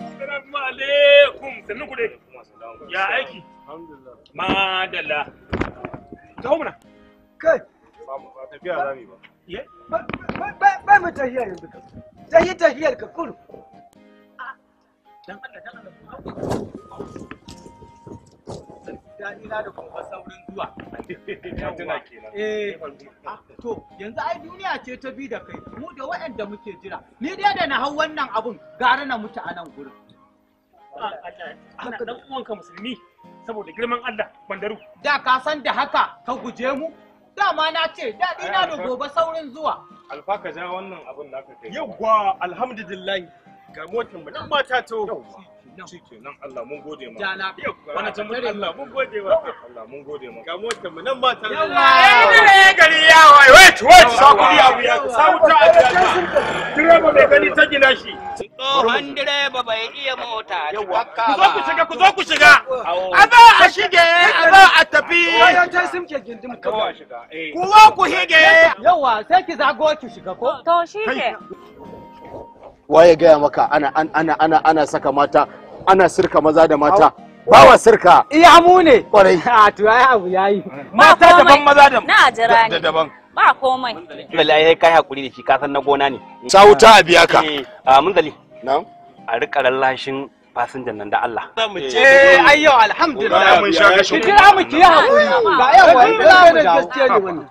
Assalamu alaikum sannu ku dai. Ya aiki? Madalla. Ta homuna. Kai. Ba tafiya za mu yi ba. Ba mu tafiya yanzu ka. Tahi tafiyar ka kulu. Ah. Dan Allah dan Allah. daɗina da kuma saurin zuwa. Tuna kenan. Eh, ah, to yanzu ai duniya ce ta bi da kai mu da waɗanda muke jira. Ni dai da na hau wannan abun gara na mutu a nan gurin. Ah, ana ɗan uwanka musulmi saboda girman Allah bandaru. Da ka san da haka ka guje mu? Dama na ce daɗi na da gobe saurin zuwa. Alfa ka ja wannan abun naka kai. Yawwa alhamdulillah. ga motin mu nan ma ta to shikenan Allah mun gode ma jana wannan tambayar Allah mun gode ma Allah mun gode ma ga motin mu nan ma ta eh, gari ya wai wait wait sakuri abu ya sabuta a direba mai gani ta gina shi tsohon direba bai iya mota cikakka ba ku shiga ku zo ku shiga a ba a shige a ba a tafi yawancin sun ke gindin kawai eh. kuwa ku hige yawa sai ki zago ki shiga ko to shige waye gaya maka ana ana ana ana saka mata ana sirka maza da mata bawa sirka iya mu ne kwarai a ah, to ai abu yayi mata daban maza da na jira ne daban ba komai wallahi sai kai hakuri da shi ka san na gona ne sa wuta a biya ka eh, a ah, mun dali na'am a rika lallashin fasinjan nan da Allah. Eh ayyo alhamdulillah. Mun sha shi Kira mu ki hakuri. Ba yau wai gaskiya ne wannan.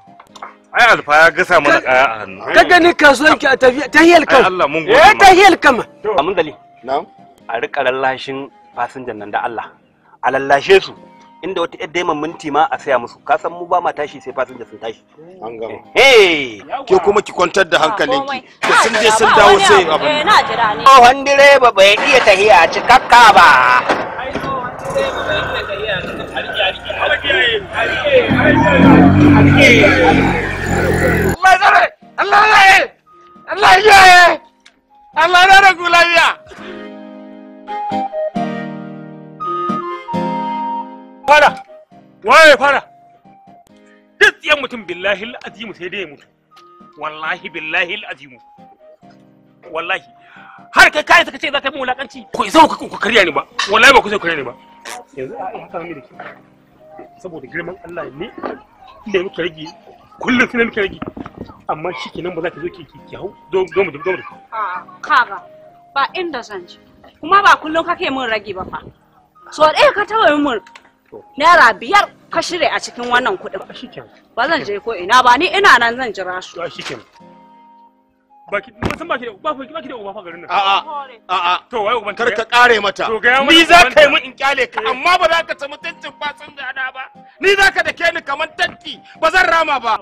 ai alfa ya gasa mana kaya a hannu ka gani kasuwanki a tafiya ta hiyar kam Allah mun gode eh, ta hiyar kam amin dali na'am a rika lallashin fasinjan nan da Allah a lallashe su inda wata yadda yaman minti ma a saya musu ka san mu ba ma tashi sai fasinja sun tashi an gama eh, ke kuma ki kwantar da hankalinki da sun je sun dawo sai abu eh na jira ne oh han direba bai iya tahiya cikakka ba ai iya Allah Allah zare Allah zare Allah zare ku lafiya waye fara duk tsiyan mutum billahi al'azimu sai dai ya mutu wallahi billahi al'azimu wallahi har kai ce za ka yi wulakanci ko isa ku karya ni ba wallahi ba ku sai ni ba yanzu a haka saboda girman Allah ne rage kullum sai na miki rage amma shi kenan ba za ta zo ki ki hau zo zo mu zo mu kaga ba inda zan ji kuma ba kullum kake min rage ba fa so ɗaya ka taɓa min naira biyar ka shirya a cikin wannan kuɗin ah, ba zan je ko ina ba ni ina nan zan jira su to shi kenan baki ba san baki ba ku baki da uba fa garin nan a'a a to wai uban kar ka kare mata ni za ka yi min in kyale ka eh. amma ba za ka samu tantin fasan da ada ba ni za ka dake ni kamar tanki ba zan rama ba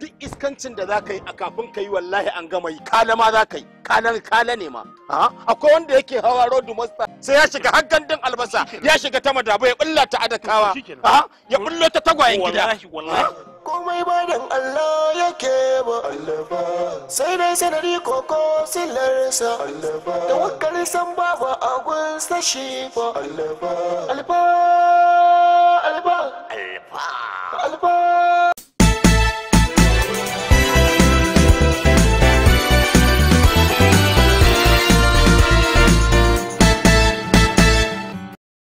duk iskancin da za ka yi a kafin ka yi wallahi an gama yi kala ma za ka yi kala ne ma akwai wanda yake hawa road master sai ya shiga har gandun albasa ya shiga ta madaba ya bulla ta adakawa ya bullo ta tagwayen gida komai bayan Allah yake ba sai dai sanari koko silarsa da wakar san ba ba a gunsa shi ba alfa